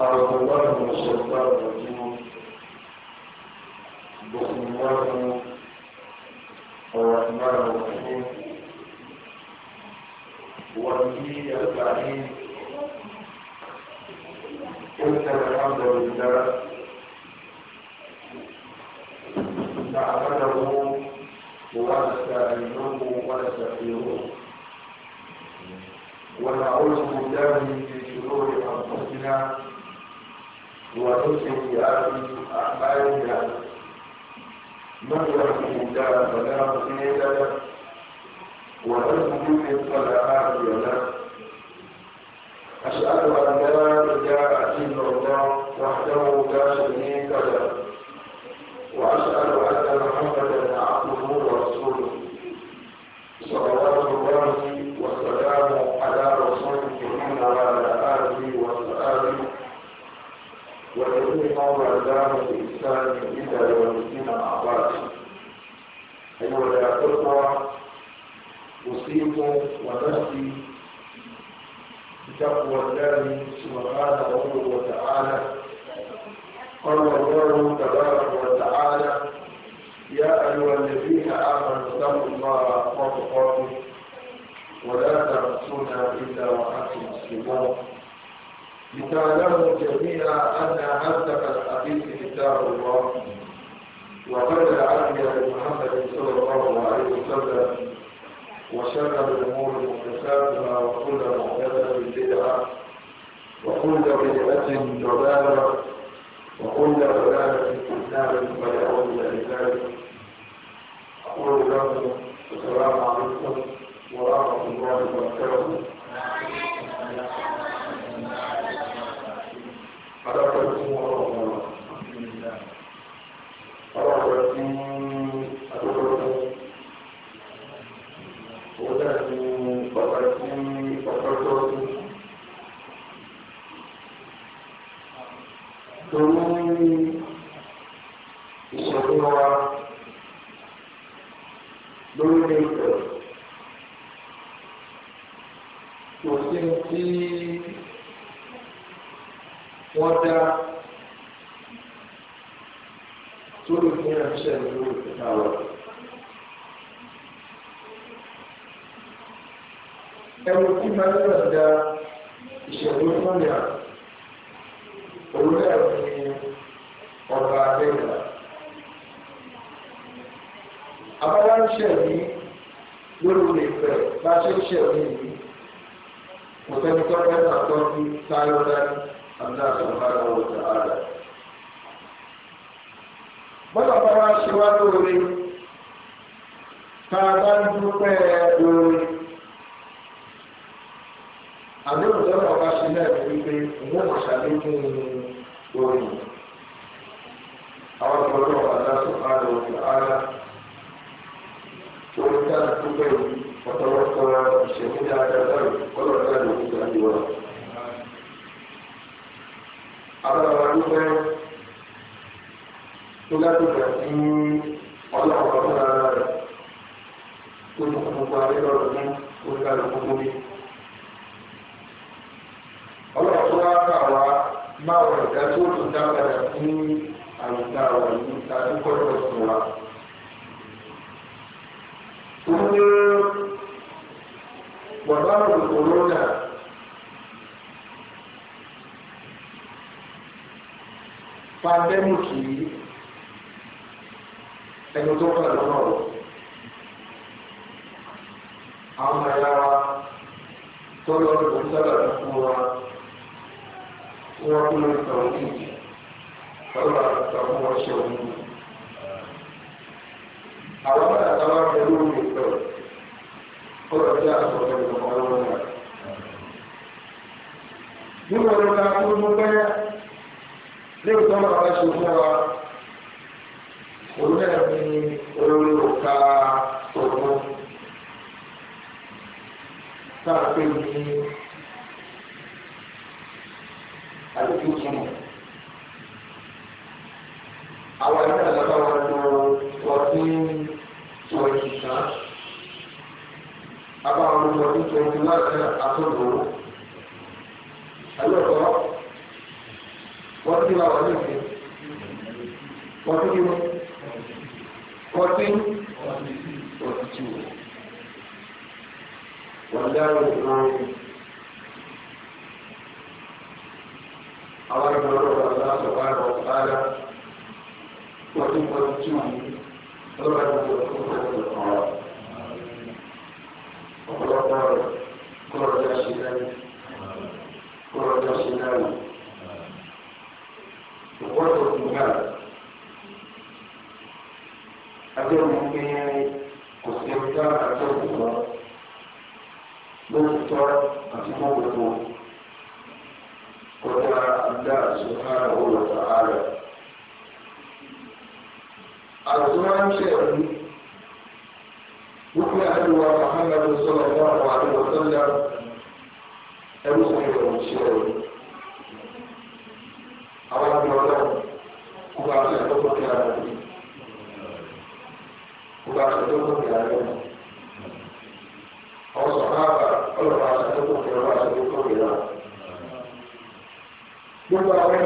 أعوذ بالله من الشيطان الرجيم بسم الله الرحمن الرحيم وبه يستعين قلت الحمد لله نعبده ونستعينه ونستغفره ونعوذ بالله من شرور انفسنا ونسل بأبي أعمالنا من يرحمك فلا مخيل لك ونسل بك فلا عافية لك أشهد أن لا تقوى الله سبحانه وتعالى قال الله تبارك وتعالى يا أيها الذين آمنوا اتقوا الله حق تقاته ولا تنسونا إلا وأنتم مسلمون لتعلموا جميعا أن أصدق الحديث كتاب الله وقال العبد محمد صلى الله عليه وسلم وشر الأمور محدثاتها وكل محدثة بدعة وكل بدعة ضلالة وكل ضلالة في النار ويعود إلى ذلك أقول لكم السلام عليكم ورحمة الله وبركاته bá ń dúpẹ́ lórí àdéhùn tó náà bá ṣe náà ní wípé ìwọ́n mọ̀ ṣàlékún orí àwọn ọmọdé wà láti ààrẹ òkè ara orí tá a dúpẹ́ ọ̀pọ̀lọpọ̀ ìṣẹ̀lẹ̀ dáadáa báyìí ọlọ́dún àti òkè àdéhùn àwọn ọmọdé tó láti gbà sí ọlọ́pàá tó mú gbogbo àwé lọ́rọ̀ ní oríkàlù gbogbo mi. ọlọ́run tó wá kà wá máa wọ̀ ẹ̀dá tó tó dá padà fún àyíká wà ní tàbí kọ́lọ̀ sí wa. Òun ni bàbá òkòrò náà pandẹ́mù ẹni tó kọ̀ lọ́wọ́ àwọn ará tó lọ sí sábà fún wa tí wọ́n kú lórí tàwọn kọ́lá tàwọn wọn ṣe òun. àwọn bàtà táwọn pẹ̀lú ìpẹ́ kọ́lá tí a sọ pé ìjọba wọn wà. nínú ọdún ká kú mú bẹ́ẹ̀ léwu tó máa bá ṣe fún wa òun náà ní olórí òkà. sábà pé ní àdókò ìtumọ̀ àwọn ẹgbẹ́ àgbàdo wọn lọ ọdún twenty kan abáwọn ọdún twenty láti àtúntò àlọ́kọ́ wọ́n ti wà wọ́n ní ìsìn wọ́n ti wọ́n ti. dáhùn kan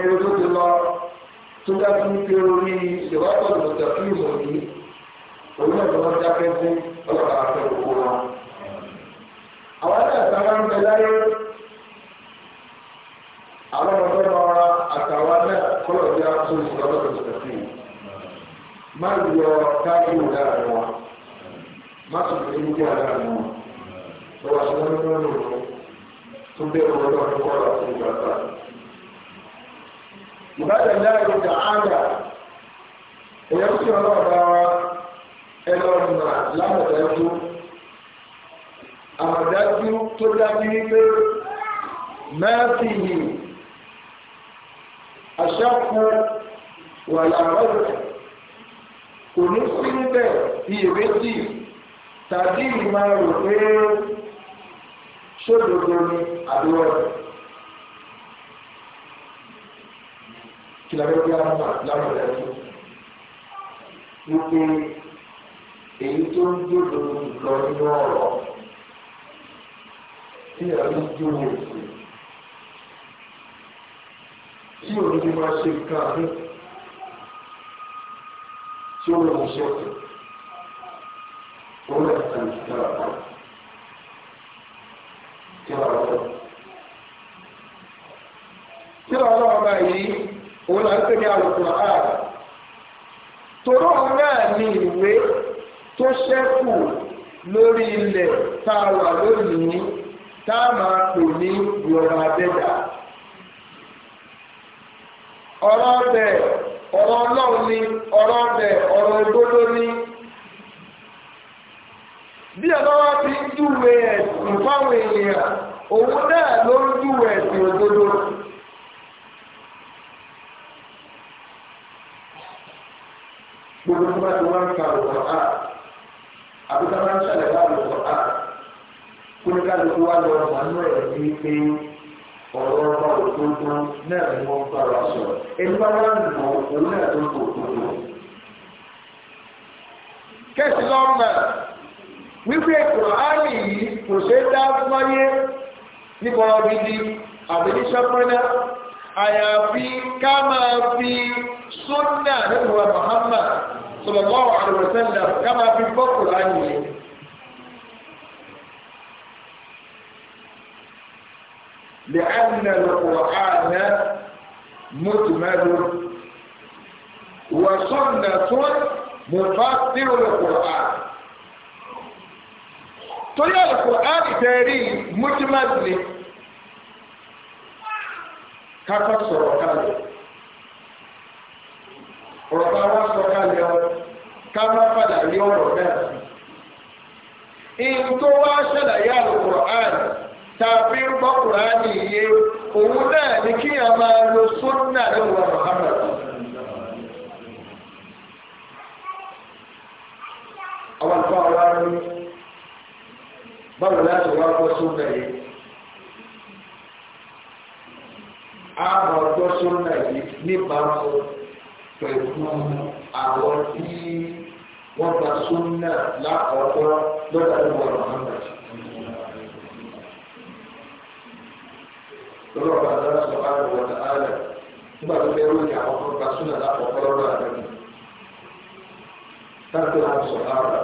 ẹrú tó ti lọ tó bá tún fi orí ìwádìí ọ̀dọ̀ kí ìmọ̀ yìí òun náà ló wọ́n dákẹ́ fún ọlọ́pàá àti òkú wọn. àwọn àtàtà máa ń bẹ láyé àwọn ọmọdé máa ra àtàwọn náà kọ́lọ̀ bí a tún ìṣòro ọlọ́pàá tó ti má yọ káyọ̀ láàrin wọn má tún fi ní kí àláàrin wọn lọ́wọ́ àti wọn ní wọn lò ó tó bẹ́ẹ̀ wọn kọ́lọ̀ àti ìgbà ìbájẹ̀ láàrin ìjà áńgà èyàn tí wọn náà bá wa ẹlọ ọ̀nà lámọ̀dájú àmọ̀dájú tó dájú wípé mẹ́ẹ̀tì yìí àṣàkù wà láàrọ̀dẹ̀ kò tàbí ìmọ̀ rò pé ṣòdodo ni àdúrà kí la bẹ bí àwọn àlámọ̀dá yìí wípé èyí tó ń dòdò lọ nínú ọ̀rọ̀ tí a ń jó òkú tí òun ti máa ṣe nǹkan àmì tí ó lè mú ṣọ́ọ̀tù ó lè ta ìta àbá tí a lọ. tí a lọ ọba yìí òun là ń pè ní Al-Qur'an toró náà ní ìwé tó ṣẹ́kù lórí ilẹ̀ tá a wà lónìí tá a máa pè ní yorùbá abẹ́dà ọ̀rọ̀ ọbẹ̀ ọ̀rọ̀ ọlọ́run ni ọ̀rọ̀ ọbẹ̀ ọ̀rọ̀ òdodo ni bí ọlọ́wọ́ ti ń júwe ẹ̀sìn fáwọn èèyàn òun náà ló ń júwe ẹ̀sìn òdodo. gbogbo tó bá ti wá ń ka ọ̀rọ̀ á àbúkà máa ń ṣàlẹ̀ wá ọ̀rọ̀ á kó ní ká lóko wá lọ ọmọ inú ẹ̀ sí pé ọ̀rọ̀ ọba òtótó náà ni wọ́n bá wa sọ̀rọ̀ ẹni bá wá nù ọ́ òun náà tó kò òtótó. kẹ́sì lọ́mọ wípé kùránì yìí kò ṣeé dá wáyé nípa ọ̀gidi àbí ní sọ́pẹ́nà àyàfi ká máa fi súnà nípa Muhammad. صلى الله عليه وسلم كما في الفصل عنه لأن القرآن مجمل وسنة مفسر للقرآن تري القرآن تاريخ طيب مجمل كفسر قلبه ọ̀rọ̀ bá wá sọ kalẹ̀ ọ ká má padà rí ọ̀rọ̀ náà sí. ìyẹn tó wá ṣàlàyé àlùkùrọ̀ àrùn tàbí gbọ́kùnrin àní iye òun náà ní kí a máa lo sunna lọ́wọ́ Muhammad. àwọn àlùfáà wa ní báwo láti wá gbọ́ sunna yìí. a máa gbọ́ sunna yìí nípa pẹ̀lú àwọn tí wọ́n gba súnà lákọ̀ọ́kọ́ lọ́dà tó wà lọ́nà. lọ́dọ̀ bá dáná sọ bá lọ́wọ́ ta ààrẹ nígbà tó fẹ́ ròyìn àwọn tó gba súnà lákọ̀ọ́kọ́ lọ́dọ̀ àdàbí. táàtò àwọn sọ ààrẹ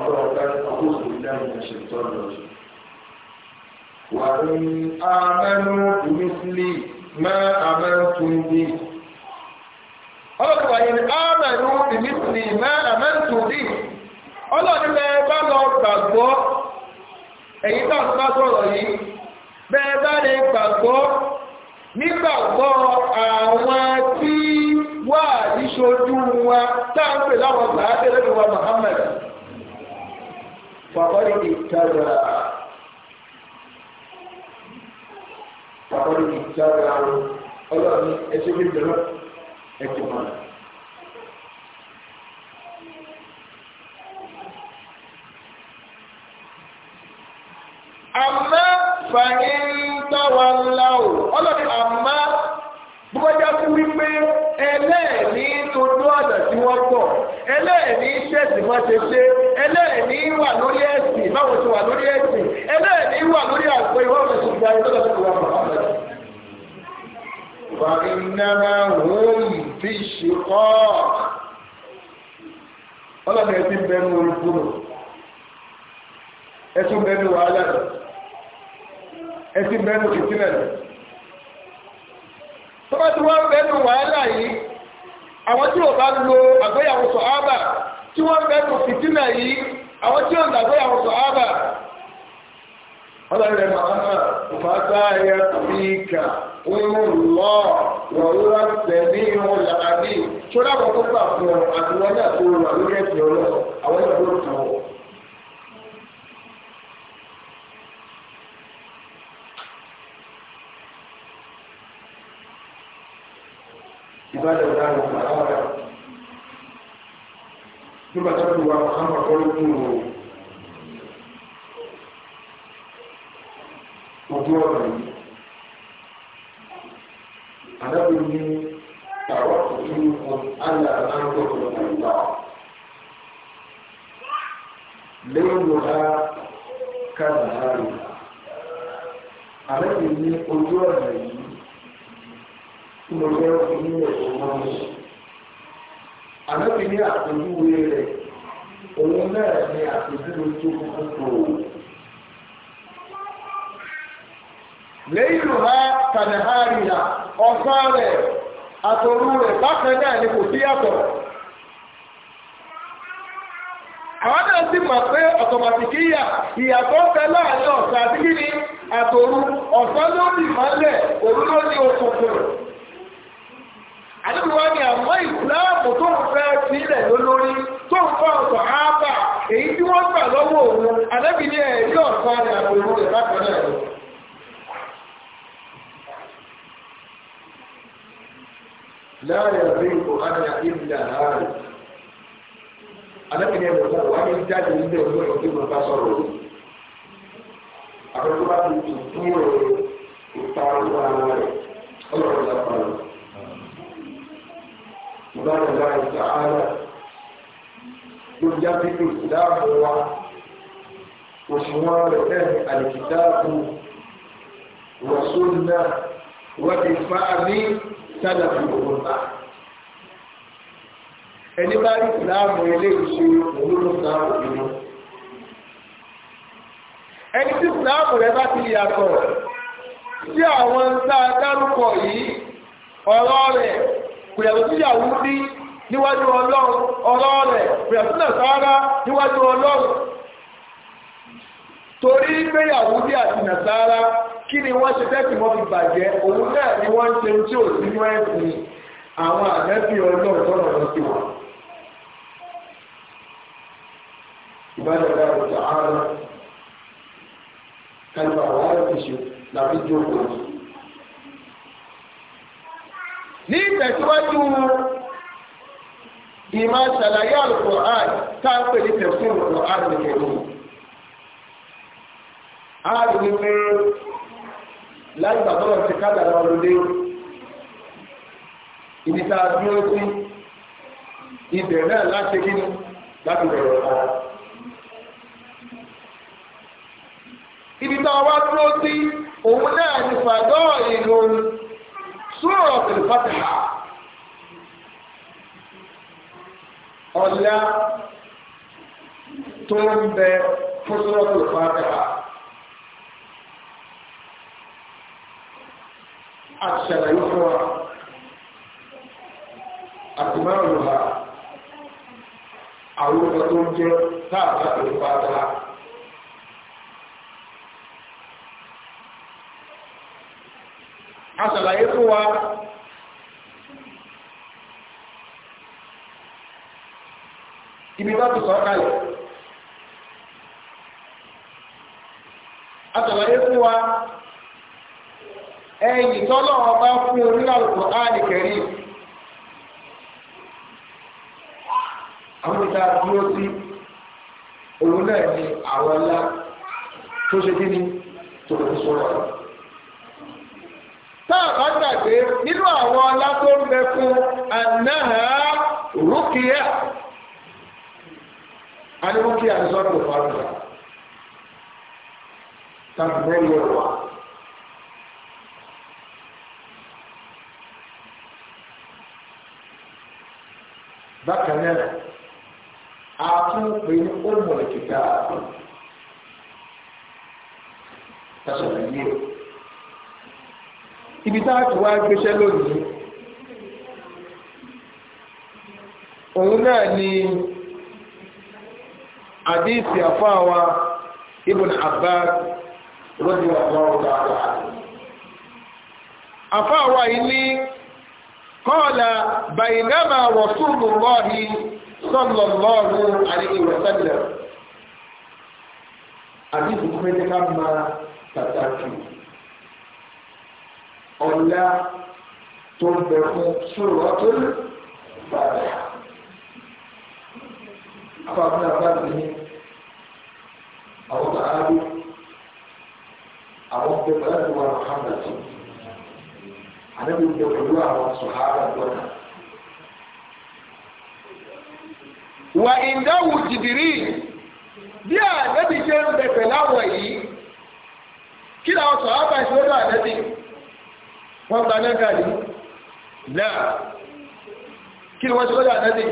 ọ̀rọ̀ ọ̀gá ọkọ̀ òṣèlú náà ń ṣe ìtọ́jú. وإن آمنوا بمثل máa àmẹ́ntùn bí ọlọ́pàá yìí ámẹ́rù ìmísìlì máa àmẹ́ntùn bí ọlọ́nilẹ̀ bá lọ gbàgbọ́ èyí bá ń sọ̀rọ̀ yìí bẹ́ẹ̀ bá lè gbàgbọ́ nígbàgbọ́ àwọn tí wà níṣojú wa táàpẹ̀ láwọn gbàgbẹ́ lẹ́nu wa Muhammad fàbọ́lì ìtajà pàtàkì ní ìjáde àwọn ọlọ́ọ̀ni ẹṣẹ́ méjì lọ ẹ̀jẹ̀ mọ́. àmọ́ fàyín tọ́wọ́ ńlá o ọlọ́ọ̀ni àmọ́ bọ́jà fún wípé ẹlẹ́ẹ̀ni tó dún ọ̀dà tí wọ́n pọ̀ ẹlẹ́ẹ̀ni ṣẹ̀sì má ṣe ṣe ẹlẹ́ẹ̀ni wà lórí ẹ̀sìn si. ti wà lórí ẹ̀sìn ẹlẹ́ẹ̀ni wà lórí àgbo ìwọ́n mi sùn jáde lọ́dọ̀ wà mọ́ wà ìnáná wọ́n fi ṣùkọ́ ọlọ́dẹ ti bẹnu olùkúrò ẹtún bẹnu wàhálà rẹ tí wọ́n bá lo àgbéyàwó sọ̀ tí wọ́n fẹ́ tó fìtínà yìí àwọn tí ó gbàgbé àwọn sọ̀hábà ọlọ́rẹ̀ màmá ìfàtà ẹ̀yà tàbíkà wíwúlọ́ wọ̀wúrọ̀ tẹ̀lé ìwọ̀n làbí ṣọ́dá àkọ́kọ́ gbà fún ọ àti wọn náà tó wà lórí ẹ̀sìn ọlọ́ àwọn ìgbòho nígbà tó ti wà Muhammad kọ́lé tó wò ojú ọ̀nà yìí àdábì ní àwọn òṣèlú kan àyà àdáńtọ̀ tó wà nígbà lẹ́yìn ọ̀la kàdà hàrì àdábì ní ojú ọ̀nà yìí tí mo fẹ́ fi ní ẹ̀sùn mọ́ni ànábì ní àpèjúwe rẹ̀ òun náà ní àpèjúwe tó kúkú kúrò. lẹ́yìn ha kànáhárì ha ọ̀sán rẹ̀ àtọ̀rú rẹ̀ bákan náà ni kò sí yàtọ̀. àwọn náà sì mọ̀ pé ọ̀tọ̀mọ̀tìkì yà ìyàtọ̀ fẹ́ láàrin ọ̀sán àti kíni àtọ̀rú ọ̀sán ló ní ìmọ̀lẹ̀ òun ló ní okùnkùn àdébùwá ni àwọn ìsìláàmù tó ń fẹ́ sílẹ̀ lólórí tó ń fọ́ ọ̀tọ̀ ábà èyí tí wọ́n gbà lọ́wọ́ òun àdébì ní ẹ̀rí ọ̀sán ni àbòrò rẹ̀ bákan náà lọ. láàrin àbí ìkò ánìyà ìlà àárẹ̀ àdébì ní ẹ̀rọ sọ̀rọ̀ wá ní jáde nílé òun lọ́wọ́ tí wọ́n bá sọ̀rọ̀ o. àbẹ̀tọ́ bá ti tún fún ìròyìn ìparí ara rẹ̀ ọlọ́run lápá rẹ̀. سبحان الله تعالى يجدد الإسلام وشمال له الكتاب والسنة وإفعال سلف الأمة ẹni bá rí ìsìláàmù ilé ìṣe òun ló sá òbínú ẹni tí ìsìláàmù rẹ bá ti yàtọ̀ sí àwọn tá a yìí ọ̀rọ̀ rẹ̀ kùyàwó sí Yahudi níwájú ọlọ́run ọ̀rọ̀ rẹ̀ kùyàwó sí nàṣàrà níwájú ọlọ́run torí pé Yahudi àti nàṣàrà kí ni wọ́n ṣe tẹ́sí wọn fi bàjẹ́ òun náà ni wọ́n ń ṣe tí ò sínú ẹ̀sìn àwọn àmẹ́bí ọlọ́run tọ́nà lọ sí wọn. ìbádọ́dá ọjà ààrẹ kálífà wàhálà ti ṣe làbí jókòó ní ìtẹ̀síwájú ìmọ̀ ṣàlàyé alukur'an táàpẹ̀ ní tẹ̀sí alukur'an nìkẹ̀lú a rí ní pé láìpàtọ́lọ̀ ti kádàrà ọlọ́dé ibi tá a dúró sí ibẹ̀ náà láti kí ni láti bẹ̀rẹ̀ ọ̀rọ̀ ibi tá a wá dúró sí òun náà ní fàdọ́ ìlú Sura al-Fatiha ọ̀lá tó ń bẹ fún Sura al-Fatiha àṣàlàyé fún wa àtìmáàlùwà àwọn ọ̀gá tó ń jẹ́ sáàtà al a ṣàlàyé fún wa ibi bá ti sọ kalẹ̀ a ṣàlàyé fún wa ẹ̀yìn tọ́lọ̀ ọba fún orílẹ̀-èdè àdìkẹ̀rí àwọn ìta dúró sí òun náà ni àwọn ńlá tó ṣe kí ni tó fi sọ̀rọ̀ rẹ̀. pé nínú àwọn ọlá tó ń bẹ fún anáhà rúkìá anírúkìá ní sọ́dọ̀ fàrúkà tàbí mẹ́rin ọ̀wà. bákan náà a tún pè ní ọmọ mọ̀ ìkìtà àtàṣà nàìjíríà. ibi táàtì wá gbéṣẹ́ lónìí òun náà ni àdíìsì àfáàwà ibùn Abbas lójú ọ̀pọ̀ dáadáa àfáàwà yìí ní kọ́ọ̀lá bàyìnàmà Rasulullahi sallallahu alaihi wa sallam àdíìsì kúmẹ́tẹ́ká máa pàtàkì ọ̀la tó ń bẹ fún sọ̀rọ̀ tó lè bàbá. Afáfúnà bá ti ní àwọn sàádé àwọn bẹ pẹ̀lú àti wọn Muhammad tó. Àdébí bẹ pẹ̀lú àwọn sọ̀hárà lọ́nà. Wà ìdáwù jìbìrì bí àdébí ṣe ń bẹ pẹ̀lú yìí kí làwọn sọ̀hárà ṣe lọ́dọ̀ àdébí wọ́n gba náà kàrí náà kí ni wọ́n ṣe lọ́dọ̀ àtẹ́sí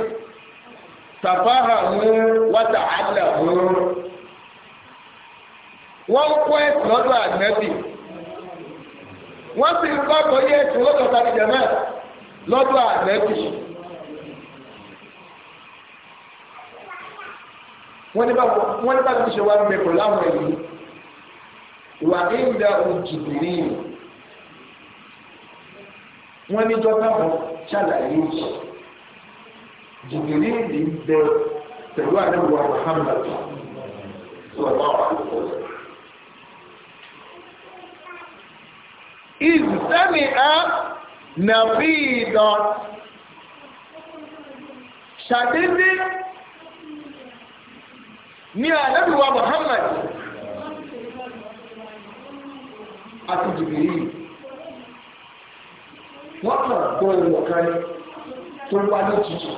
tàfáhà mú wátà àdà mú wọ́n kọ́ ẹ̀sùn lọ́dọ̀ àtẹ́sí wọ́n sì ń kọ́kọ́ yé ẹ̀sùn lọ́dọ̀ tàbíjẹ̀ náà lọ́dọ̀ àtẹ́sí wọ́n ní bá ti ṣe wá mẹ́kọ̀ọ́ láwọn èyí wà ní ìdá òjì wọ́n ní dọ́tàbọ̀ ṣàlàyé ìjì jìbìrì ìlì bẹ pẹ̀lú àdébù Muhammad sọ̀rọ̀ àdébù. ìsẹ́mi ẹ́ nàbí ìdán ṣàdédé ní àdébù Muhammad àti jìbìrì ìlì wọ́n kàn gbọ́ ẹ̀rọ kan ní tó wá ní tuntun.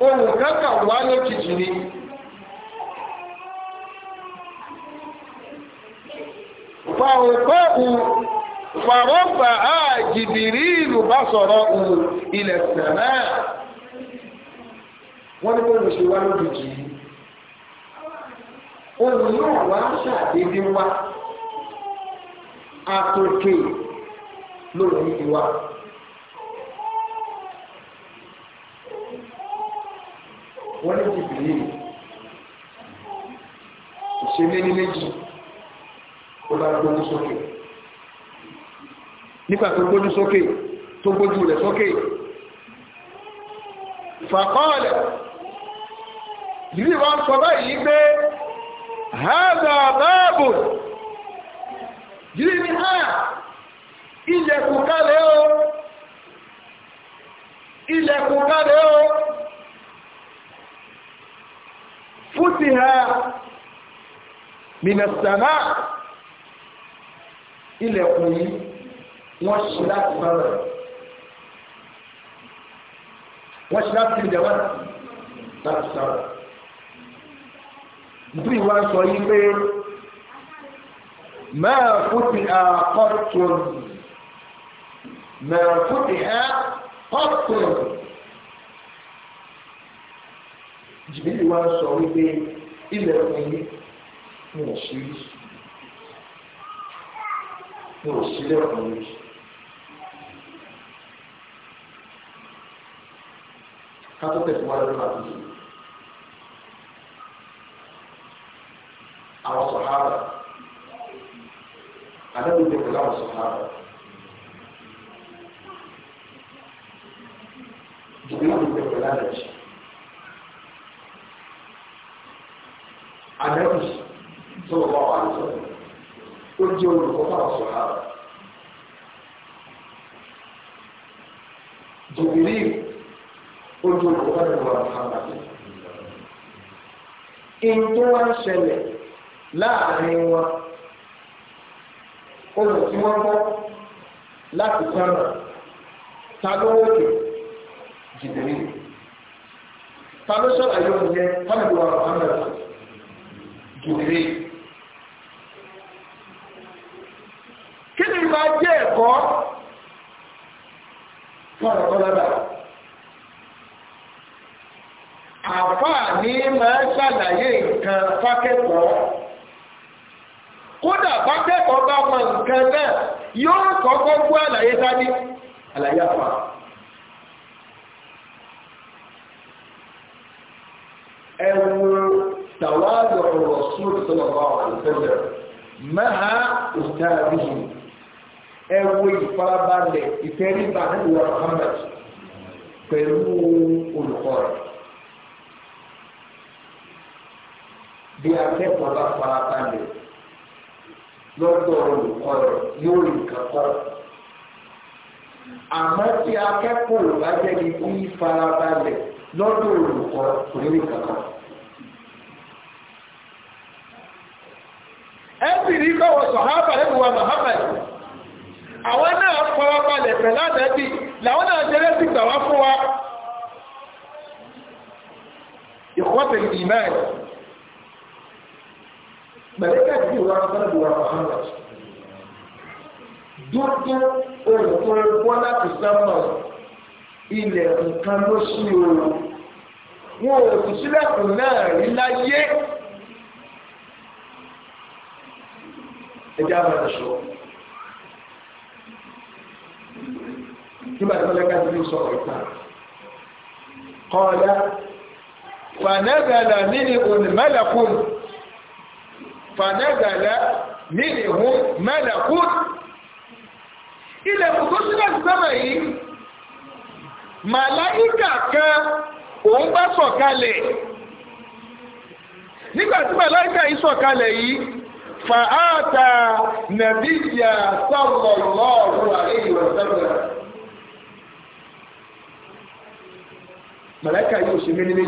ohun kankan wá ní tuntun ni. fàwọ̀pẹ́kù fàwọ́fà á jìbìrì ìlú bá sọ̀rọ̀ ilẹ̀ sẹ̀rẹ̀. wọ́n ní bó ló ṣe wá lójijì yìí ohun náà wá ṣàdédé wá àtòkè lóhùn yìí wá. wọ́n ní jìbìlì ìṣẹ́lẹ̀ ní méjì ó bá gbójú sókè nígbà tó gbójú sókè tó gbójú rẹ̀ sókè fàkọ́ọ̀lẹ̀ jìbìlì wọ́n sọ báyìí pé hádà báàbò yìí ni ha ilẹ̀kùn kalẹ̀ o ilẹ̀kùn kalẹ̀ o fúti ha mìnàsàmá ilẹ̀kùn yìí wọ́n ṣe láti bára wọ́n ṣe nítorí wá sọ yí pé máa fúti àkọ́tùn máa fúti àkọ́tùn jìbìlì wá sọ wípé ilẹ̀ ọ̀gbìn ní òṣèlú ní òṣèlú ọ̀gbìn. Kátó tẹ̀síwájú láti ṣe. sọ̀hábà àdébù ti pẹ̀lú àwọn sọ̀hábà. Jìbìlì ti pẹ̀lú àdàjì. Àdébù sọ̀rọ̀ bá wà lọ́sọ̀rọ̀. Ó jẹ́ olùkọ́ fún àwọn sọ̀hábà. Jìbìlì ó jẹ́ olùkọ́ láàrin wọn olùtí wọn gbọ́ láti sọ̀rọ̀ ta ló wòkè jìbìrì ta ló ṣàlàyé oúnjẹ tọ́lẹ̀dù wa mohammed jìbìrì. kí ni máa jẹ́ ẹ̀kọ́ fọ́nà kọ́lára àfáà ní máa ṣàlàyé nǹkan fákẹ́kọ̀ọ́ kódà bá kẹ́kọ̀ọ́ bá mọ nǹkan náà yóò kọ́kọ́ gbọ́ àlàyé sáájú àlàyé àfà. ẹ̀wù tàwádọ̀ ọ̀rọ̀ sóòtù tó lọ́wọ́ àwọn ìfẹ́lẹ̀ mẹ́ha òtàbíyì ẹ̀wù ìfarabalẹ̀ ìtẹríba nílùú Muhammad pẹ̀lú olùkọ́ rẹ̀. bí akẹ́kọ̀ọ́ bá farabalẹ̀ lọ́dọ̀ olùkọ́ rẹ̀ yóò rí nǹkan kọ́. àmọ́ tí akẹ́kọ̀ọ́ bá jẹ́ni tí farabalẹ̀ lọ́dọ̀ olùkọ́ kò ní rí nǹkan kọ́. ẹ sì rí kọ́wọ́ sọ̀hábà ẹ̀ wà Muhammad àwọn náà farabalẹ̀ pẹ̀lú àdẹ́bí làwọn náà jẹ́rẹ́ sì gbà wá fún wa. ìkọ́tẹ̀ ìmáà mẹ̀lẹ́kà ti wá sọ́dọ̀ wa Muhammad dúdú olùkọ́ bọ́ láti sámà ilẹ̀ nǹkan ló sí ooru wọn ò sì sílẹ̀kùn náà rí láyé ẹjẹ́ àwọn ẹ̀ṣọ́ nígbà tí mẹ̀lẹ́kà ti ní sọ̀rọ̀ ìta kọ́ọ̀dá fànẹ́bẹ̀lẹ̀ nínú onímọ̀lẹ́kùn fanagala minhum malakun ilẹ̀ kòkó sílẹ̀ sísọ́mà yìí màláíkà kan òun bá sọ̀kalẹ̀ nígbàtí màláíkà yìí sọ̀kalẹ̀ yìí fàáta nàbíyà sallallahu alaihi wa màláíkà yìí ò ṣe méjì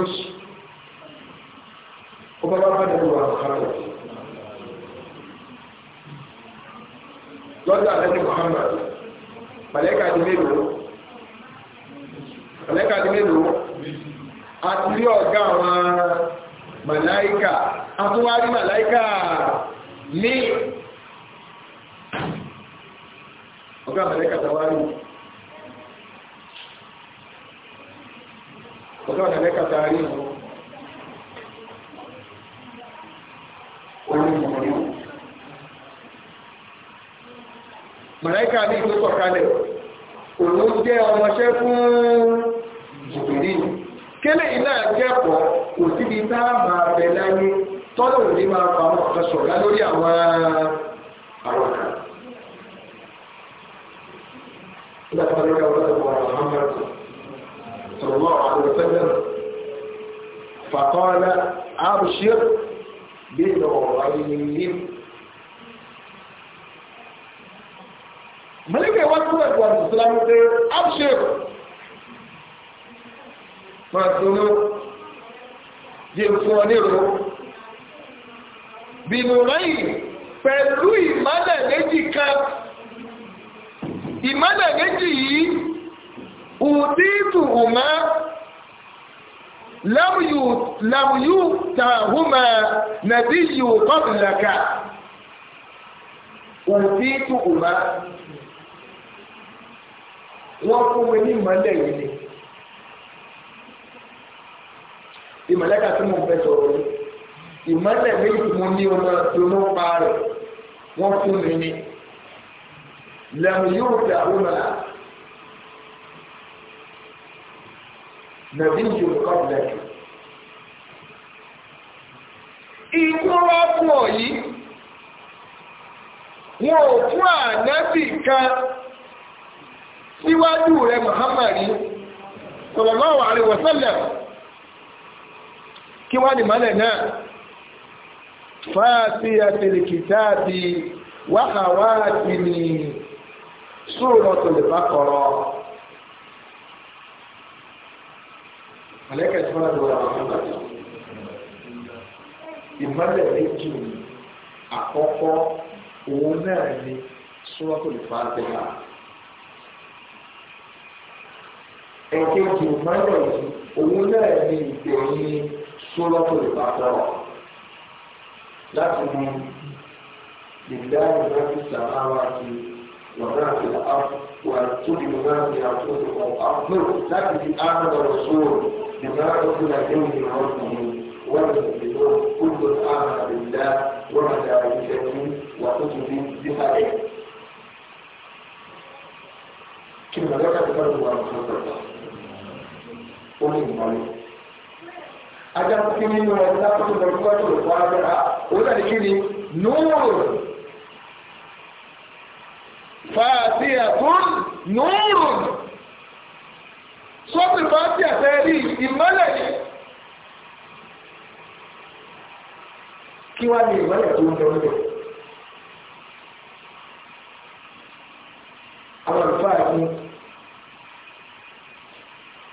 lọ́dọ̀ àlẹ́bí Muhammad màlẹ́kà di mélòó màlẹ́kà di mélòó àti rí ọ̀gá àwọn màláìkà àtúwárí màláìkà ní ọ̀gá màláìkà tàwárí ọ̀gá màláìkà tàwárí ọ̀rọ̀ ìmọ̀ràn màláìka ní ìlú sọ̀kalẹ̀ òun jẹ́ ọmọṣẹ́ fún jìbìrì kélé iná jẹ́pọ̀ kò síbi tá a máa bẹ láyé tọ́lọ̀ ní máa fa àwọn ọ̀kan sọ̀rọ̀ lórí àwọn àwọn kan. Nígbà tí wọ́n lórí àwọn ọ̀dọ́ wa Muhammad sallallahu alaihi wasallam faqala abshir bí ìlọ̀ ọ̀rọ̀ ayé ní mọ̀lẹ́kẹ̀ wá tó ẹ̀kọ́ àtìsílámù pé abshir máa tóná jẹ́ fún ọ nírò bínú lẹ́yìn pẹ̀lú ìmọ́lẹ̀ méjì kan ìmọ́lẹ̀ méjì yìí ùdíìtù hùmá lámúyú tàhúmà nàbíyù kọ́bìlàkà ùdíìtù hùmá wọ́n fún mi ní ìmọ̀lẹ̀ yìí ni ìmọ̀lẹ̀ ká tí mo fẹ́ sọ̀rọ̀ yìí ìmọ̀lẹ̀ méjì tí mo ní ọmọ ìdùnnú pa rẹ̀ wọ́n fún mi ní lẹ́nu yóò dà ó nà nàbí ìjòyè kọ́ọ̀dẹ̀kì. Ikú wá fún ọ yìí, wọn ò fún ànábì kan síwájú rẹ̀ Muhammad sallallahu alaihi wasallam kí wá ní mọ́lẹ̀ náà fatihatil kitabi wa khawatimi suratul Baqara àlẹ́kẹ̀ tí wọ́n lọ́wọ́ Muhammad méjì àkọ́kọ́ òun náà ni suratul Fatiha ẹ̀kejì ìmọ̀lẹ̀ yìí òun náà ní ìgbẹ̀yìn sólọ́tò ìbátọ́rọ̀ láti mú ìdáhùn láti sàmáwá sí wàrà àti àwọn àtúndì wàrà àti àtúndì ọ̀hún láti fi ámọ̀ lọ sóòrò ìgbà tó fi là dé òun ìrọ̀ ọ̀hún wọ́n lè fi lọ kúndùn ámọ̀ àbẹ̀dá wọ́n lè dà ìṣẹ́ fún wàtúntì bí sípà kí ni wọ́n lọ́kàtà bá wà lọ́kàtà? orí ìmọ̀lẹ̀. ajá kí nínú ọ̀rọ̀ lápapọ̀ lọ kọ́ tó lọ́kọ́ agbára òun náà ní kí ni núùrù fàásì àtún núùrù sọ́ọ̀tì fàásì àtẹ́rí ìmọ̀lẹ̀ ni. kí wá ní ìmọ̀lẹ̀ tó ń bẹ níbẹ̀. àwọn àlùfáà ni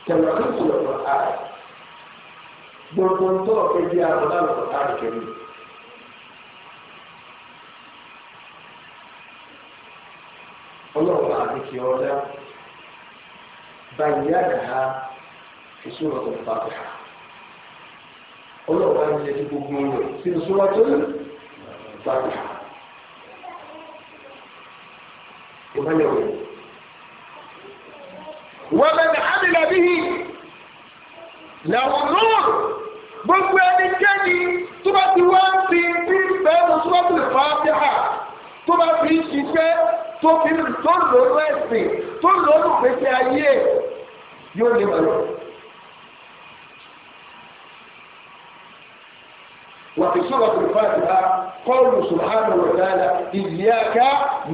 tẹ̀lé àkókò ààrẹ gbogbo tó ọ̀fẹ́ bí ààrùn lálùkọ̀ ààrùn kẹ́lú. ọlọ́run àdìkì ọ̀dá báyìí àgàhà ìṣúná tó ń pàtó ha ọlọ́run àdìkì ẹ̀dí gbogbo rẹ̀ sínú súnmọ́ tó ń pàtó ha. ìmọ̀lẹ̀ wẹ̀. wọ́n bẹ́ẹ̀ làwọn náà gbogbo ẹnikẹ́ni tó bá ti wá ń fi bí bẹ́ẹ̀nu tó bá ti lè fa bí hà tó bá fi ń ṣiṣẹ́ tó fi ń tó lónú ẹ̀sìn tó lónú pèsè ayé yóò lè wọlé. وفي سورة الفاتحة قول سبحانه وتعالى إياك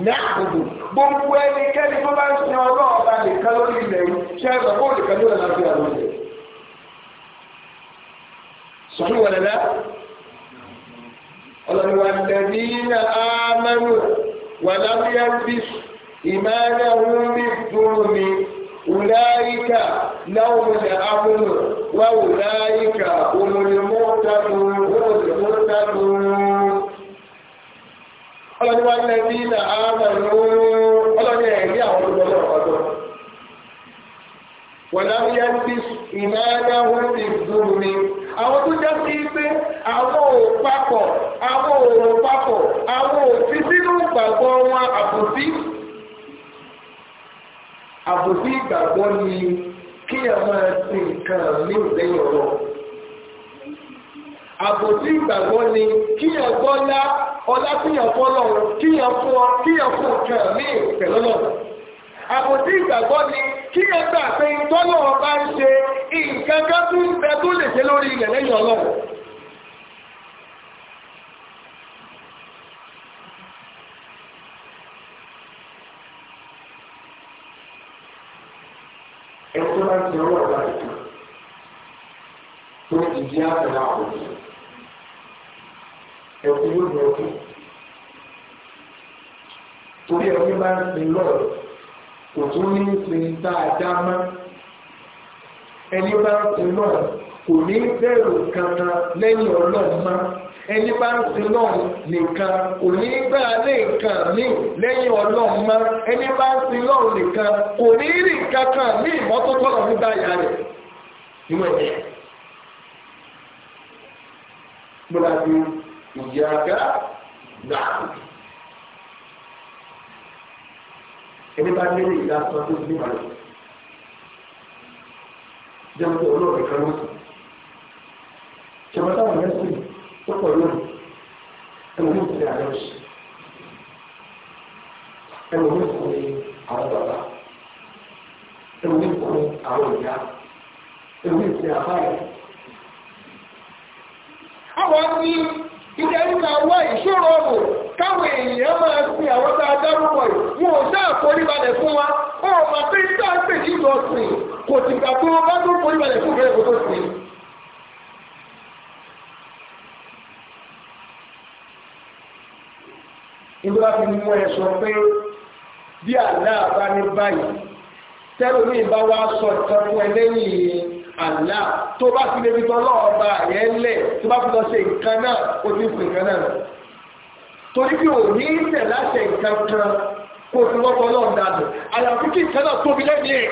نعبد gbogbo ẹnikẹ́ni tó bá ń sin ọlọ́ọ̀ba nìkan lórí ilẹ̀ yìí ṣe é sọ wọ̀lẹ̀ náà ọlọ́niwà tẹ̀lé iná ámánù wà lábíyàbí ìmáyà wọn bí dùnmí wùláyíkà láwùjẹ ámúnù wà wùláyíkà olùmọ̀tàdù olùmọ̀tàdù ọlọ́niwà tẹ̀lé iná ámánù ọlọ́ni àwọn olùmọ̀tàdù ọ̀dọ́ wà ìmáyà wọn bí dùnmí àwọn tó jẹ́ sí pé àwọn ò papọ̀ àwọn ò rò papọ̀ àwọn ò fi sínú ìgbàgbọ́ wọn àbòsí àbòsí ìgbàgbọ́ ni kí ẹ máa sin nǹkan ní ìlẹ́yìn ọ̀rọ̀ àbòsí ìgbàgbọ́ ni kí ẹ gbọ́lá ọlá kíyàn fọ́lọ́run kíyàn fún ọ kíyàn fún nǹkan ní ìpẹ̀lọ́lọ́run àbòsí ìgbàgbọ́ ni kí ẹ gbà pé tọ́lọ̀ ọba ń ṣe nǹkan kan tó ń bẹ tó lè ṣe lórí ilẹ̀ lẹ́yìn ọlọ́run ẹ̀kọ́ bá ti ọwọ́ ọba ìtàn tó ti di àpẹẹrẹ àbòsí ẹ̀kú yóò ní ọdún torí ẹ̀kú bá ń sin lọ́ọ̀rọ̀ o tó ní ṣe dáadáa mọ́ ẹni bá ń náà kò ní bẹ̀rù kankan lẹ́yìn ọlọ́run ẹni bá ń náà nìkan kò ní gbà lé lẹ́yìn ẹni bá ń náà nìkan kò ní rí kankan lọ nígbà ìyá rẹ̀ níwọ̀n ẹni bá lé ní ìdá sọ tó ti ní ìbàdàn jẹun tó olóòrè kan ló sùn jẹun táwọn mẹsìn tó pọ̀ lónìí ẹnu ní ìsinmi àlọ́ ṣe ẹnu ní ìsinmi àwọn bàbá ẹnu ní ìsinmi àwọn ìyá ẹnu ní ìsinmi àbáyọ. àwọn ní ìdẹ́rùkà wá ìṣòro ọ̀bù káwọn èèyàn máa sin àwọn tá a dárúkọ yìí wọn ò sáà foríbalẹ̀ fún wa ó mà pé tá a pè nílò ọ̀sìn kò sì gbà tó bá tó foríbalẹ̀ fún ìbẹ̀rẹ̀ kò tó ìlú wa fi mú ẹ sọ pé bí àlá àbá ní báyìí tẹ́lómi ìbá wa sọ ìtọ́jú ẹ lẹ́yìn àlá tó bá fi lébi tọ́ lọ́ọ̀ba yẹn lẹ̀ tó bá fi lọ ṣe nǹkan náà ó ti pè kan náà torí bí ò ní tẹ̀ láṣẹ nǹkan kan kó o ti wọ́pọ̀ lọ́ọ̀ dànù àyàfi kí nǹkan náà tóbi lẹ́nu ẹ̀.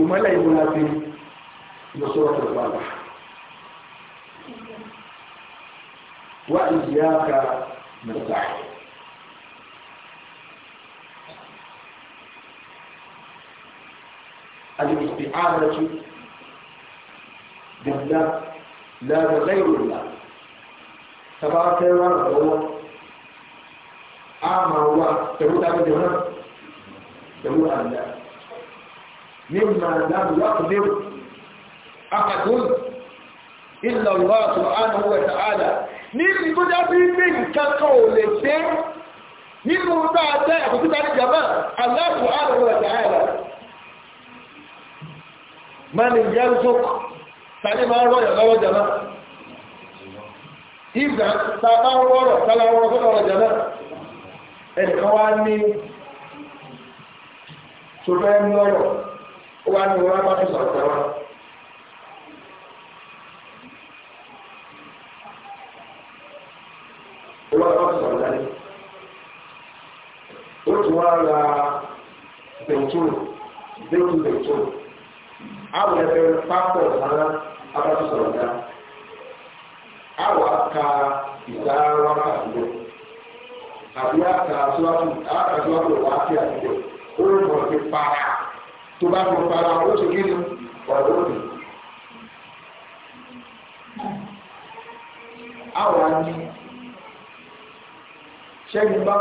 ìmọ̀lẹ̀ ìmọ̀lá bí lọ́sọ̀rọ̀ tó bá wà. wá ìyá ka mẹ́ta yìí. الاستعانة بالله لا بغير الله تبارك الله هو أعمى هو تقول أبدا جهنم تقول الله مما لم يقدر أحد إلا الله سبحانه وتعالى نيجي tó jábí ní كقول lè نيجي nínú dáadáa ẹ̀kọ́ tó dájú jàmá aláàbò àrùn mani yẹ́rùsọ́ tàbí máa rọ̀yọ̀ lọ́wọ́ jẹ́mọ́ ìgbà tàbá rọ̀rọ̀ tàbá rọ̀rọ̀ lọ́wọ́ jẹ́mọ́ ẹ̀kan wá ní ṣùgbọ́n ẹni lọ́rọ̀ ó wá ní wọ́n bá fi sọ̀rọ̀ jẹ́mọ́ ó wá bá fi sọ̀rọ̀ jẹ́mọ́ ó tún wá awọ ebe pápọ̀ na abájú sọ̀rọ̀ aka ìsára wákà síbẹ̀ àbí aka aṣọ́wájú wà á fi àtijọ́ ó ń mọ̀ sí para tó bá mọ̀ para ó ṣe kí ni ọ̀rọ̀ òdì. bá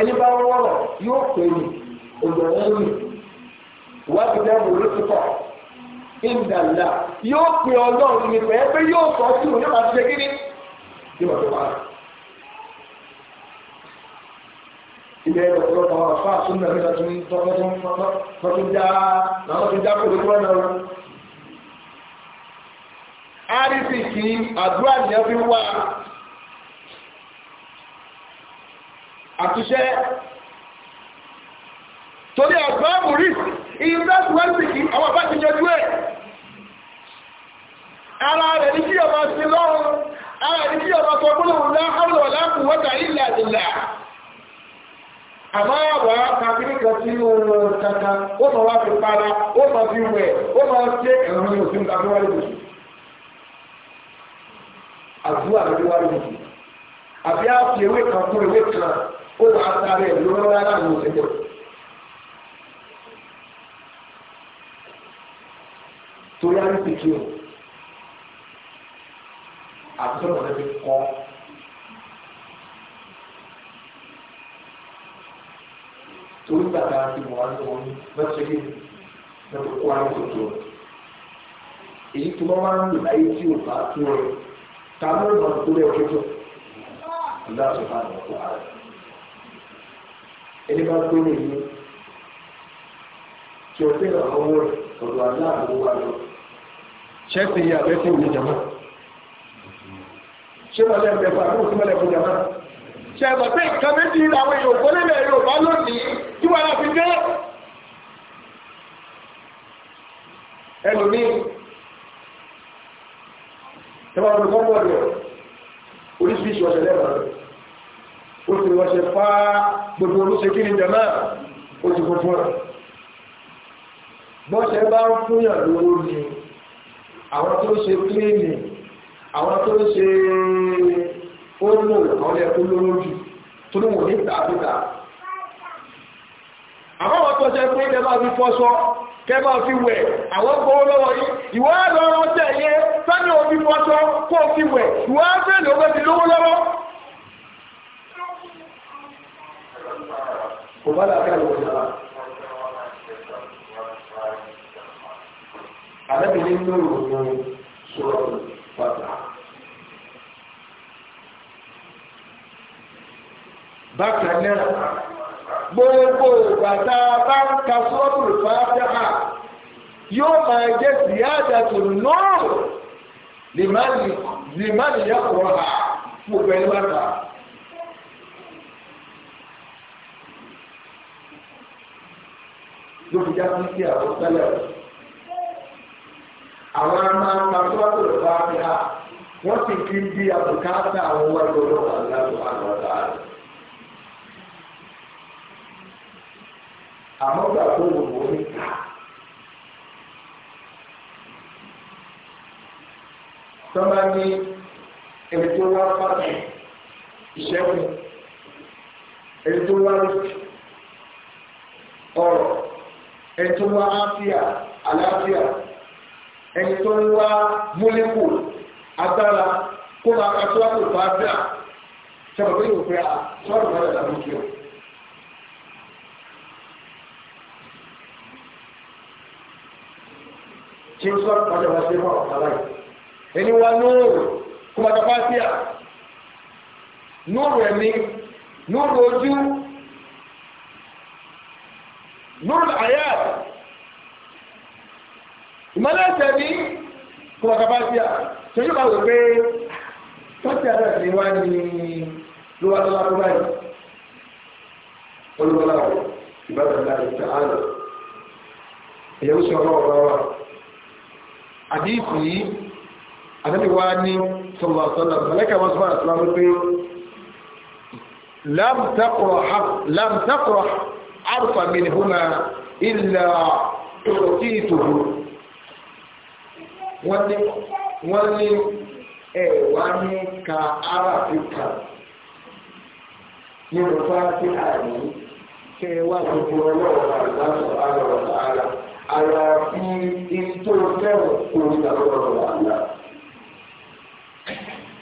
ẹni bá wọ́rọ̀ yóò pè mí ògbọ̀nwó mi wá ti dáàbò lóṣùpọ̀ ìdàlá yóò pè ọlọ́run mi pẹ́ pé yóò sọ sí òun yóò máa ṣe kí ni yóò tó wá. ilé ọ̀pọ̀lọpọ̀ àfáà tó ń bẹ̀rẹ̀ tó ń tọ́kọ́ tó ń tọ́kọ́ tó dá làwọn tó dá kókó tó ń àrísìkì àdúrà ni ẹ fi wá àtúnṣe torí ọ̀gbọ́n àmúrí ìrìnlẹ́sì wẹ́sìkì àwọn àbá ti jẹjú ẹ̀ ara rẹ̀ ní kí ọmọ sí lọ́run ara rẹ̀ ní kí ọmọ sọ gbólóhùn láhàrùn ọ̀láàkù wọ́ta ilẹ̀ àdìlà àmọ́ àwọ̀ kàkiri kan sí oòrùn kankan ó mọ̀ wá fi para ó mọ̀ fi wẹ̀ ó mọ̀ ṣe ẹ̀rọ ní òfin tàbí wáyé lòsì àdúrà lórí wáyé lòsì àbí á fi ewé kan kún ewé kan ó wà á sáré ẹ̀ lọ́wọ́ rárá àwọn òṣèlú. torí á ń pèkì o àtúntò rẹ̀ ti kọ́. torí bàtà àti mọ̀ àwọn ọmọ mi lọ́sẹ̀ yìí lọ́sẹ̀ kó àwọn òṣèlú. èyí tó bá máa ń lò láyé tí ò bá tó rẹ̀ ta ló ń lọ tó lẹ́yìn ọjọ́. Allah subhanahu wa ta'ala ẹni bá tó lè ní kí o fẹ́ràn ọwọ́ rẹ̀ ọ̀dọ̀ aláàbò wa lọ. ṣé ti yà bẹ́ẹ̀ tí ò ní jama? ṣé wọ́n lẹ́nu ẹ̀fọ́ àbúrò tí wọ́n lẹ́nu jama? ṣé ẹ̀fọ́ pé nǹkan méjì làwọn Yorùbá lẹ́lẹ̀ Yorùbá lónìí tí wọ́n á fi dé. ẹlòmíì tí wọ́n lọ sọ́kọ̀ọ̀dọ̀ oríṣiríṣi ọ̀sẹ̀ lẹ́nu rẹ̀ ó ti wọ́n ṣe fá gbogbo olóṣè kí ni jẹ̀mọ́ ó ti gbogbo rẹ̀ bọ́ṣẹ bá ń fúnyàn lówó ni àwọn tó ṣe kílíìnì àwọn tó ṣe ónú àwọn ẹ̀kọ́ lówó jù tó ní wọ́n ní tàbíta àwọn àwọn tó ṣe pé kẹ́ bá fi fọ́ṣọ kẹ́ bá fi wẹ̀ àwọn gbowó lọ́wọ́ yìí ìwọ àlọ́ ọ̀rọ̀ tẹ̀yẹ sani òfin fọ́ṣọ kó fi wẹ̀ ìwọ àfẹ́ lọ́wọ́ ti lówó lọ́wọ́. wọ́n àti àlọ́ òṣèlú. àlẹ́bìnrin ní òògùn sọ̀rọ̀ pàtà. bákan náà gbogbo bàtà bá ń ka sọ́ọ̀bù fàájà yóò máa jẹ́ síyáàdà tó náà lè má lè yàgò wá fún òpin bàtà. ló fi jáde sí àwọn tẹ́lẹ̀ rẹ̀. àwọn amáhùnmáṣọ́tò rẹ̀ bá fi hà ah, wọ́n sì fi ń bí àbùkátà àwọn ọmọ ìgbòho aláàbò àlọ́dà rẹ̀. àmọ́ gbà tó wò wọ́n ní ká. tọ́lá ní ẹni wá pàtó ìṣẹ́gun ẹni wá ọ̀rọ̀ ẹni tó ń wá áfíà àlàáfíà ẹni tó ń wá mólíkù agbára kó máa ka sọ́wọ́pù fàáfíà sọ́wọ́pù pé yóò fẹ́ à sọ́wọ́pù fàáfíà làwọn kí o. tí ó sọ́wọ́pù fàáfíà wá sí ẹ̀fọ́ àwọn aláì ẹni wá nóòrò kó máa ka fàáfíà nóòrò ẹ̀mí nóòrò ojú nurul ayat ìmọ̀lẹ́ ẹ̀sẹ̀ ní kọ̀ọ̀kọ̀báṣíà tó yóò bá wò pé tọ́sí àdáyà ti wá ní lówà tó lápò báyìí olùkọ́lá ìbátan láti ta àlọ́ ìyẹ̀wò sọ ọlọ́wọ́ bá wà àdínkù yìí àtẹ́lẹ̀wá ní sọ̀lọ̀sọ̀lọ̀ mọ̀lẹ́kà wọ́n sọ́rọ̀ àtìláwọ́ pé lámtàkùrọ̀ arfa minhuma illa tu'tituhu wọ́n ní wọ́n ní ẹ̀wà ní ka arafi kan nínú fáti àìní kẹ wá gbogbo ọlọ́run àgbàsọ àlọ́rọ̀ àlà àlà fi ìtò fẹ́ràn orí àlọ́rọ̀ àlà.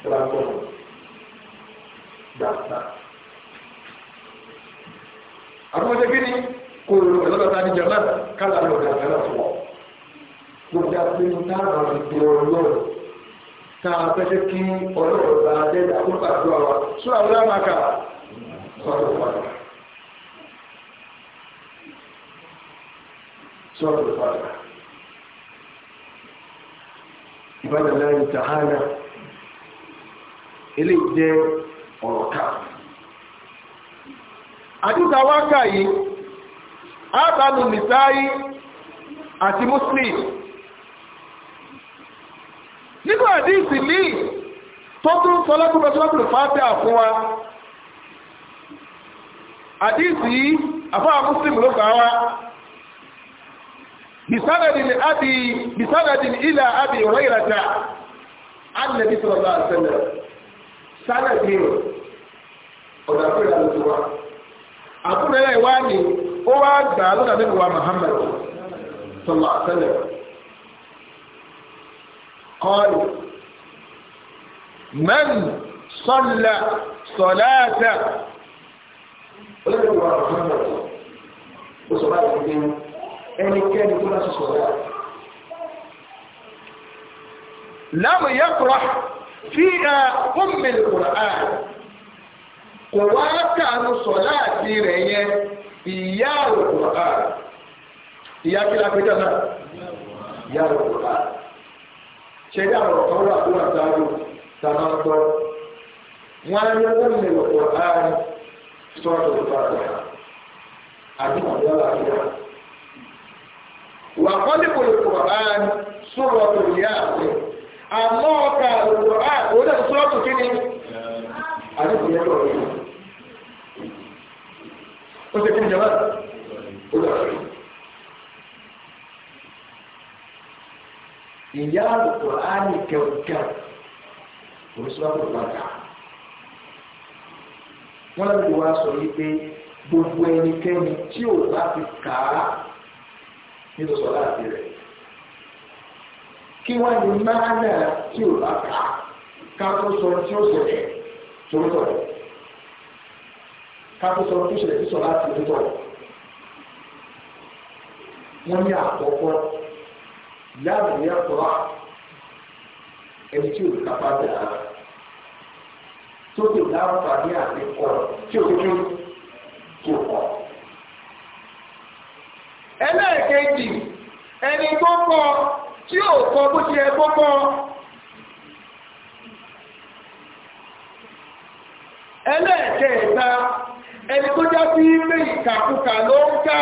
Gbàgbọ́ gbàgbà àbúrò kí ni kò lò lọ́dọ̀ ta ni jọba kálá lò lọ́dọ̀ tẹ́lẹ̀ fún ọ. gbogbo àpinnu tá a bá fi pè ọlọ́run tá a fẹ́ jẹ́ kí ọlọ́run bá a ọ̀rọ̀ káàkiri àdúgbà wákà yìí ábàlù nìsáyí àti muslim nínú àdíìsì míì tó tún sọ lọ́gbọ́gbọ́sọ́gbọ́n fàájá fún wa àdíìsì yìí àfáà muslim ló gbà wá bisanadin abi bisanadin ila abi rayrata annabi sallallahu alaihi wasallam sanadin ọ̀dàpẹ̀lẹ̀ àlùfáà àbúrẹ́lẹ̀ wá ní ó wá gbà lọ́dà nínú wa Muhammad sọ̀rọ̀ àtẹ́lẹ̀ kọ́ọ̀lù mẹ́rin sọ́lá sọ̀láàtà olóòwò Muhammad ó sọ bá ti gbé ẹnikẹ́ni tó bá ti sọ̀rọ̀ láàmù yẹ́ kúrọ̀ fíhà ó mẹ́lẹ̀ kúrọ̀ áà kò wá kàánú sọ̀lá àti rẹ̀ yẹn ìyá òkú à ìyá kí la péjọ náà ìyá òkú à ṣe ní àwọn ọ̀kan wà tó wà sáájú sábà ń tọ́ wọn á ní wọn lè òkú à sọ̀rọ̀ òkú à àti àbúrò àbúrò wà kọ́lẹ́kọ̀ọ́ òkú à sọ̀rọ̀ òkú ìyá àbúrò àmọ́ ọ̀ka òkú à òun náà sọ̀rọ̀ òkú kí ni àdúgbò yẹn lọ́wọ́ yìí tó ṣe kí ni jẹba ó lọ sí. ìyá àlùkò á ní kẹ̀kẹ́ oníṣòwò pàtà wọn lábẹ́ ìwà sọ yìí pé gbogbo ẹnikẹ́ni tí ò bá ti kà á nínú sọ̀rọ̀ àti rẹ̀ kí wọ́n ní máa náà tí ò bá kà á ká tó sọ tí ó sọ̀rọ̀ tó sọ̀rọ̀ kápẹ́ sọ̀rọ̀ tó ṣẹlẹ̀ sísọ láti ojú tọ̀ wọ́n ní àkọ́kọ́ láàbù ní àkọ́rọ́ ẹni tí ò ní kápá bẹ̀ rárá tó lè láǹfààní àti kọ̀ tí ò ní tó kọ̀. ẹlẹ́ẹ̀kejì ẹni tó kọ tí ò kọ bó ti yẹ kó ẹlẹ́ẹ̀kẹta ẹni tó já sí ilé ìkàkùkà ló ń kà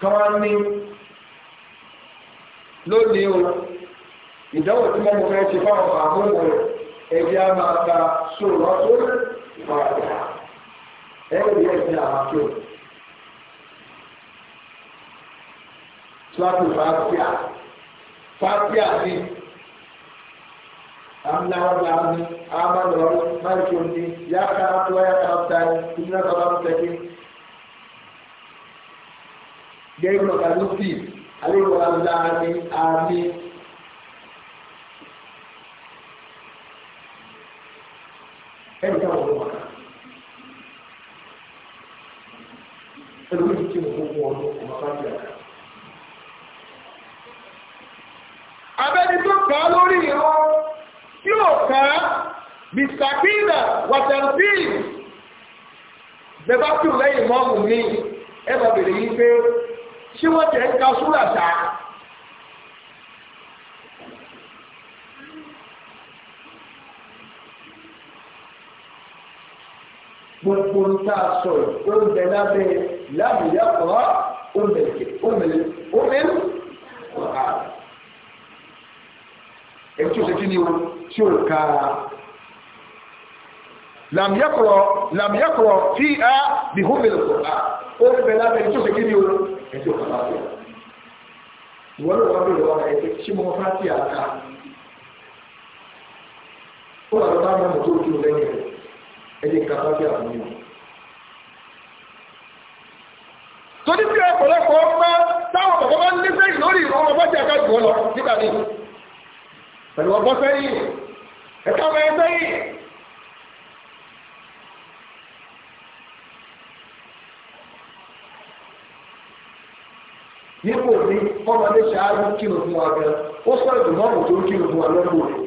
kọ́wọ́n ní lónìí o ìdánwò tí mo fẹ́ ṣe fáwọn àmúhùn ẹgbẹ́ a máa ta sọ̀rọ̀ tó ìfọ̀rọ̀dà ẹ̀rí ẹ̀sìn àmàkè tí wọ́n ti fà á sí àná fáfíà ní amúnáwọ́dà ní amánàwọ́ máìkò ní yàtà àtúwà yàtà àtà ìdúná sábà ń tẹ̀lé gẹ́gbọ́n kàlùfì àlejò àlá ní àmì. ẹnì káwọn ọmọ kan ẹnì kí n kó wọn ọmọ fáfíà kan. bẹ́ẹ̀ tún lẹ́yìn mọ́ọ̀mù mi ẹ bá bèrè yìí pé ṣé wọ́n tẹ̀ ń ka súrà sá. gbogbo ń tá a sọ yìí ó ń bẹ lábẹ́ lábìyá kọ́ ó ń bẹ̀rẹ̀ ó ń kọ́ ha. tó ṣe kí ni o tí ò ká lam yakro lam yakro fi a bi humil qur'an o ti bẹ lábẹ́ ní tó ṣe kíni o ẹ tí o kàlá fẹ ìwọ ló wà bẹ̀rẹ̀ wà ẹ pé ṣé mo máa ti àká ó wà lọ bá mi mọ tó ojú lẹ́yìn rẹ ẹ jẹ ká bá bí àwọn yìí. torí bí ọ̀pọ̀lọpọ̀ ọgbà táwọn bàbá bá ní sẹ́yìn lórí ìrọ̀rùn ọgbà tí a ká jù ọ lọ nígbà míì pẹ̀lú ọgbọ́n sẹ́yìn ẹ̀ka ọmọ ẹ sẹ́yìn. nípò ní ọmọdé ṣáájú kírò fún wa gan ó sọ ìdùnnọ́rùn tó ń kírò fún wa lọ́gbò rẹ̀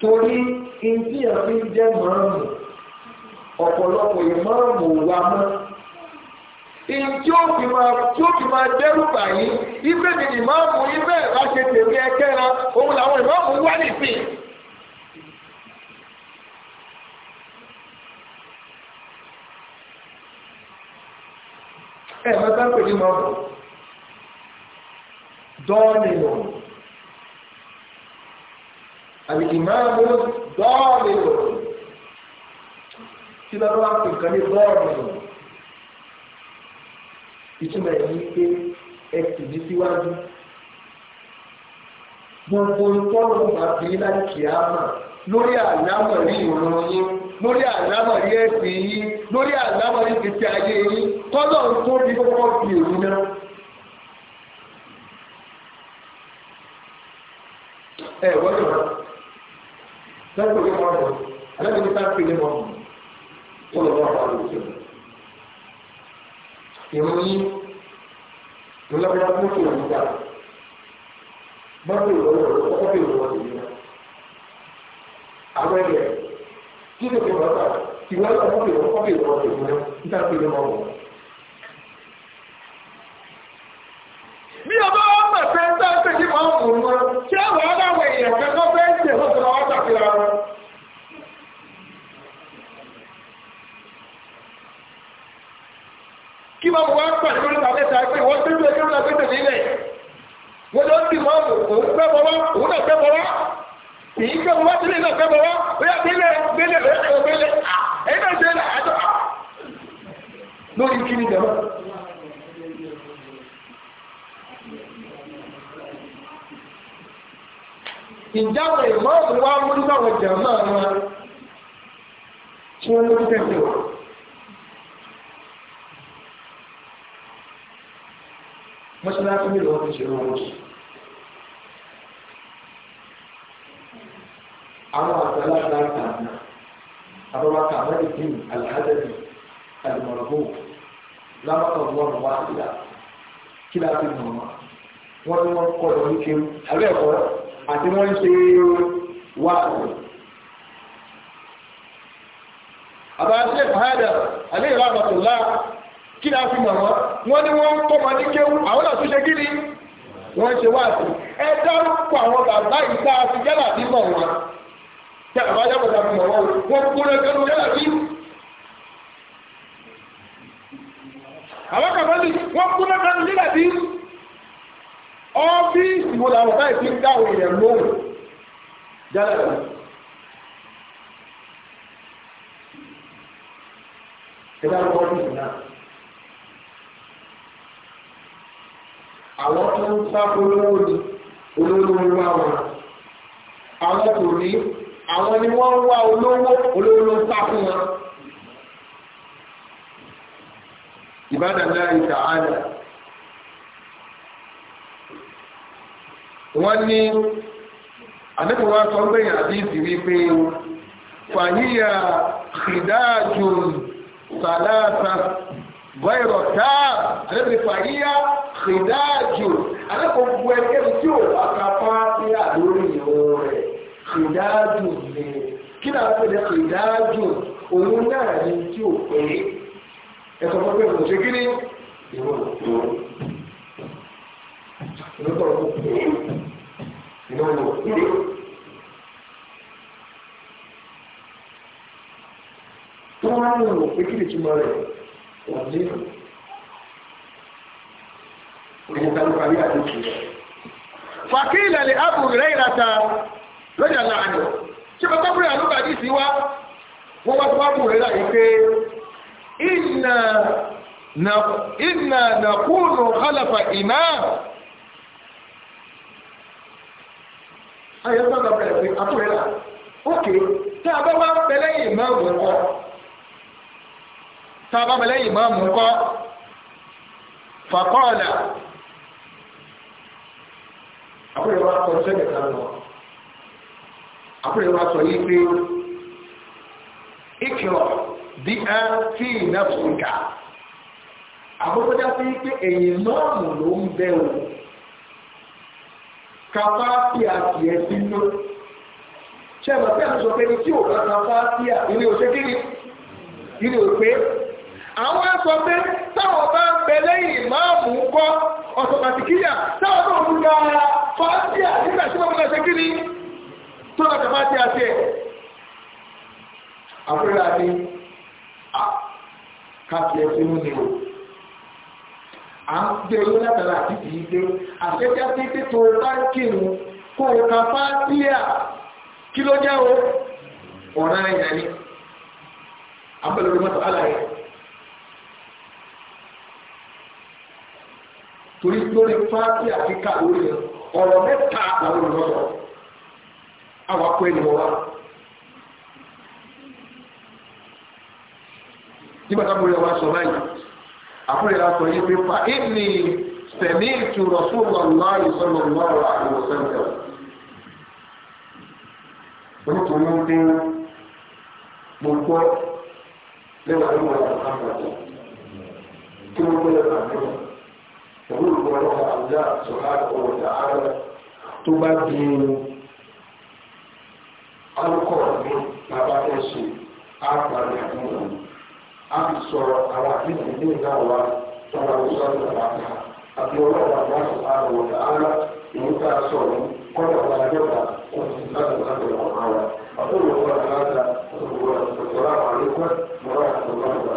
torí ìdí àfi jẹ́ mọ́ọ̀mù ọ̀pọ̀lọpọ̀ ìmọ̀ọ̀mù wa mọ́ ìdí ó fi fi máa dẹ́rù bàyí ibẹ̀ ni ìmọ̀ọ̀mù ibẹ̀ bá ṣe tèmi ẹ̀kẹ́ra òun làwọn ìmọ̀ọ̀mù wá nìsín. ẹ mẹ́ta pè ní mọ́ dọ́ọ̀nì lọ àbí ìmáàmù dọ́ọ̀nì lọ tí bá bá pè nǹkan ní dọ́ọ̀nì lọ ìtumọ̀ ẹ̀ ní pé ẹ sì ní síwájú gbogbo ìtọ́nù àbí láti kìá mà lórí àlámọ̀rí ìròyìn lórí àlámọ̀rí ẹ̀sìn yìí lórí àlámọ̀rí kìtì ayé yìí kọ́lọ̀ ń tó bí kọ́kọ́ fi èyí náà. ẹ wọ́n yọ̀ wá lẹ́gbẹ̀ẹ́ yìí wọ́n yọ̀ alẹ́ mi sáà kéde wọn kó lọ́wọ́ àwọn àlùfẹ́. ìròyìn ìlọ́wọ́ mọ́tò ìgbà mọ́tò ìrọ̀lọ́ ọkọ̀ ìrọ̀lọ́ ìgbà àwọn ẹgbẹ́ kí ló fi wọ́n sọ̀rọ̀ ìwé ọlọ́pàá bèrè wọ́n kọ́ bèrè wọ́n tẹ̀lé wọn nígbà tó lè máa wọ̀. ìjáwọ̀ ìmọ̀ọ́bù wa múlú báwọn jàmọ́ wọn tí wọ́n lórí tẹ̀sí wọn. mọ́ṣáláṣí mi lọ́wọ́ ti ṣe wọn lọ́sùn. àwọn àgbàlagbà kàánà àbábá kàánà ìdín alhadari alimọ̀rọ̀bù lámàkà wọn wá sílá kí láti mọ̀ wọn wọn ni wọn kọ́ lọ ní kéwù àbẹ́ ẹ̀kọ́ rẹ̀ àti wọ́n ń ṣe wá àbáṣe fàádà alẹ́ ìlà àbàtùlá kí ni a fi mọ̀ wọ́n wọ́n ní wọ́n ń kọ́ ọmọ ní kéwú àwọn àtúnṣe kí ni wọ́n ṣe wá sí ẹ dárúkọ àwọn bàbá yìí tá a fi yálà bí mọ̀ wọn tí àbá yàgò tá a fi mọ̀ wọn wọ́n kúrò ẹgbẹ́rún yálà bí. àwọn kàbọ́lì wọ́n kúrò ẹgbẹ́rún yálà bí ọ́fíìsì wo làwọn táì fi ń dáwọ̀ èèyàn lóhùn jálẹ̀ ẹ̀dá lọ́wọ́ ọ́fíìsì náà àwọn tó ń sáfó lówó ni olówó ń wá wọn àwọn kò ní àwọn ni wọ́n ń wá olówó olówó ló ń sá fún wọn ìbádàá náà ìtàhálà. wọ́n ní àdẹ́kùnwá sọ pé àdíìsì wípé fàyíyà kìdáàjù sàlátà bọ́ẹ̀rọ̀ táà àdẹ́kùnwá fàyíyà kìdáàjù àdẹ́kùnwá ẹgbẹ́ tí ò wá kápá sí àlórí ìwọ̀n rẹ̀ ni kí náà pè ní kìdáàjù òun náà ní tí ò pé ẹ̀sọ́ No, no, no. Tó wá ní ọ̀rọ̀ pé kí lè túmọ̀ rẹ̀ wà nínú. Òyìn ta ló parí àdókè rẹ̀. Fàkí ìlàlẹ̀ Abu Hurairata lọ́jà láàánú. Ṣé bàbá Bùrẹ́ àlùbàdì sí wá? Wọ́n wá tó wá bùrẹ́ láyé pé ìnà nàkúnù khalafa ìmáà. ayé sábà bẹ̀rẹ̀ pé àtúwẹ̀ rà ókè tí a bá wá pẹlẹ́yìn ìmáàmù ńkọ́ tí a bá pẹlẹ́yìn ìmáàmù ńkọ́ fàkọ́ọ̀dà àkúrẹ́ wa sọ sẹ́yìn kan lọ àkúrẹ́ wa sọ yìí pé ìkìlọ̀ bí a fi ìnáfù ká àkókò dá sí pé èyí máàmù ló ń bẹ̀rù kàfá sí àti ẹ̀sìn ló ṣe ẹ̀bà tí a sọ pé tí ò bá kàfá sí àìní òṣè kí ni ìní òpé àwọn sọ pé táwọn bá ń bẹ lẹ́yìn ìmáàmù ń kọ́ ọ̀sọ̀ pàtìkìyà táwọn náà ń gba fásíà nígbà tí wọ́n fẹ́ kí ni tó lọ kàfá sí àti ẹ̀ àfúrà ni kàfí ẹ̀sìn ló ni o à ń gbé owó látara àti kìí gbé àfẹ́já pípé tó bá ń kírun kó o kan fá sílẹ̀ kí ló jẹ́ o ọ̀ràn ẹ̀yà ni abẹ́lẹ́lẹ́ mọ́tò aláyẹ̀ torí lórí fáàtì àti kàlórí ọ̀rọ̀ mẹ́ta làwọn olùmọ̀sọ̀ àwọn akọ ènìyàn wa. nígbà táwọn olùyẹ̀wò aṣọ báyìí àfọyìnlá sọ yìí pé fa ìní sẹ̀mí ìtura sọ́wọ́ láàyè sọ́nà lọ́rọ̀ àwọn sẹ́ńtẹ̀. nítorí pé mo gbọ́ lẹ́wọ̀n ló wà lọ́wọ́ àgbàdo kí wọ́n gbọ́ lọ́wọ́ àgbàdo òun ló wà lọ́wọ́ àgbàdo sọ̀rọ̀ àwọn ọ̀dà ààrẹ tó bá di alukọ̀ọ̀dún bàbá fẹ́ ṣe àbúrò a ti sọ̀rọ̀ àwọn àdéhùn ní ìlà wa sọ̀rọ̀ àwùjọ ìlànà àti ọlọ́run àgbà sọ̀rọ̀ àwọn ọ̀dà ara ìlú tá a sọ̀rọ̀ kọ́lọ̀ wà lọ́dà oṣù láti láti ọ̀rọ̀ àwọn ọ̀dọ́ ìwọ̀n àgbà sọ̀rọ̀ àwọn àlékún mọ́ra àti ọ̀rọ̀ àgbà